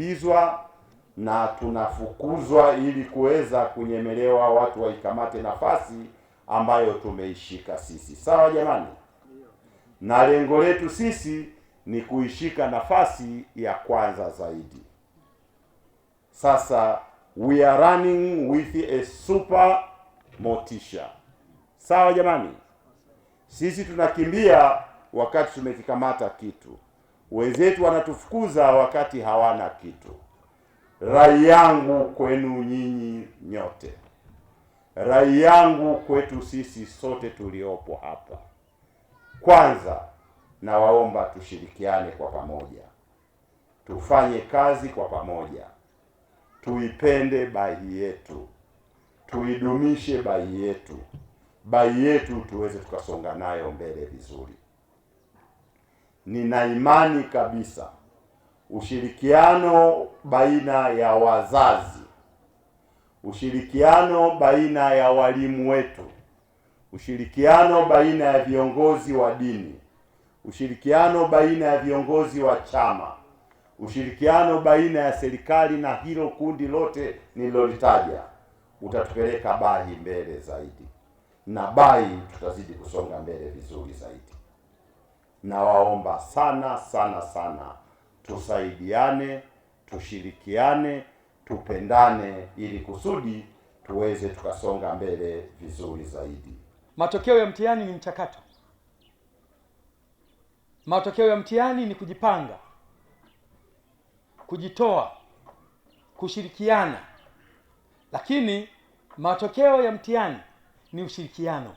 tunakimbizwa na tunafukuzwa ili kuweza kunyemelewa, watu waikamate nafasi ambayo tumeishika sisi. Sawa jamani, na lengo letu sisi ni kuishika nafasi ya kwanza zaidi. Sasa we are running with a super motisha. Sawa jamani, sisi tunakimbia wakati tumekikamata kitu Wenzetu wanatufukuza wakati hawana kitu. Rai yangu kwenu nyinyi nyote, rai yangu kwetu sisi sote tuliopo hapa, kwanza nawaomba tushirikiane kwa pamoja, tufanye kazi kwa pamoja, tuipende bai yetu, tuidumishe bai yetu, bai yetu tuweze tukasonga nayo mbele vizuri nina imani kabisa ushirikiano baina ya wazazi, ushirikiano baina ya walimu wetu, ushirikiano baina ya viongozi wa dini, ushirikiano baina ya viongozi wa chama, ushirikiano baina ya serikali na hilo kundi lote nililolitaja utatupeleka BAHI mbele zaidi, na BAHI tutazidi kusonga mbele vizuri zaidi. Nawaomba sana sana sana, tusaidiane, tushirikiane, tupendane ili kusudi tuweze tukasonga mbele vizuri zaidi. Matokeo ya mtihani ni mchakato. Matokeo ya mtihani ni kujipanga, kujitoa, kushirikiana, lakini matokeo ya mtihani ni ushirikiano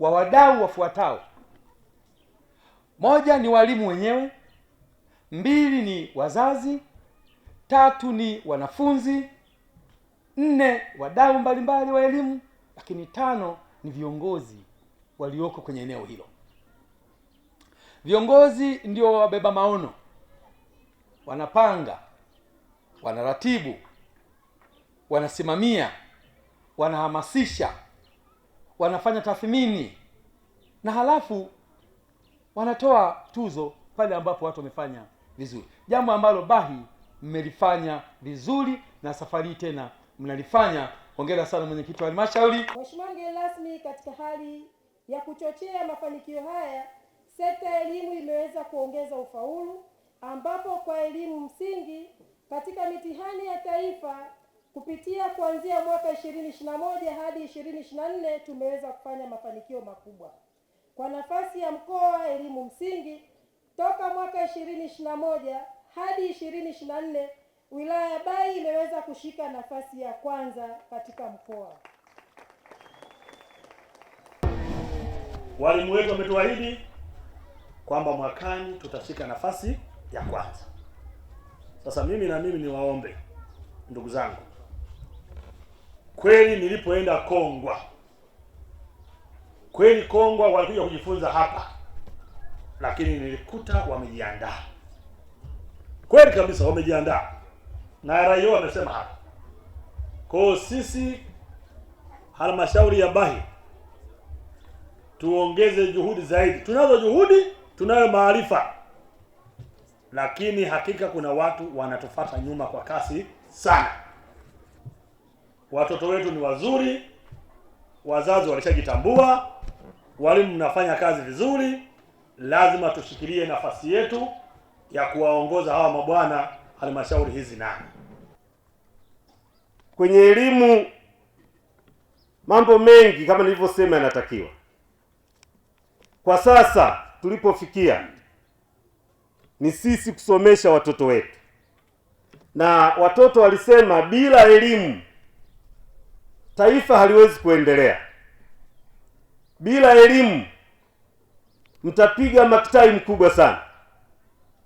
wa wadau wafuatao. Moja ni walimu wenyewe, mbili ni wazazi, tatu ni wanafunzi, nne wadau mbalimbali wa elimu, lakini tano ni viongozi walioko kwenye eneo hilo. Viongozi ndio wabeba maono, wanapanga, wanaratibu, wanasimamia, wanahamasisha, wanafanya tathmini na halafu wanatoa tuzo pale ambapo watu wamefanya vizuri, jambo ambalo Bahi mmelifanya vizuri na safari hii tena mnalifanya. Hongera sana mwenyekiti wa halmashauri. Mheshimiwa mgeni rasmi, katika hali ya kuchochea mafanikio haya, sekta ya elimu imeweza kuongeza ufaulu, ambapo kwa elimu msingi katika mitihani ya taifa kupitia kuanzia mwaka 221 hadi 224 tumeweza kufanya mafanikio makubwa kwa nafasi ya mkoa wa elimu msingi toka mwaka 2021 hadi 2024 wilaya ya Bai imeweza kushika nafasi ya kwanza katika mkoa. Walimu wetu wametuahidi kwamba mwakani tutashika nafasi ya kwanza. Sasa mimi na mimi niwaombe ndugu zangu, kweli nilipoenda Kongwa Kweli Kongwa walikuja kujifunza hapa, lakini nilikuta wamejiandaa kweli kabisa, wamejiandaa na raia wamesema hapa. Kwa hiyo sisi halmashauri ya Bahi tuongeze juhudi zaidi. Tunazo juhudi, tunayo maarifa, lakini hakika kuna watu wanatofata nyuma kwa kasi sana. Watoto wetu ni wazuri, wazazi walishajitambua Walimu mnafanya kazi vizuri, lazima tushikilie nafasi yetu ya kuwaongoza hawa mabwana halmashauri hizi nane kwenye elimu. Mambo mengi kama nilivyosema yanatakiwa. Kwa sasa tulipofikia, ni sisi kusomesha watoto wetu, na watoto walisema bila elimu taifa haliwezi kuendelea. Bila elimu mtapiga maktai mkubwa sana.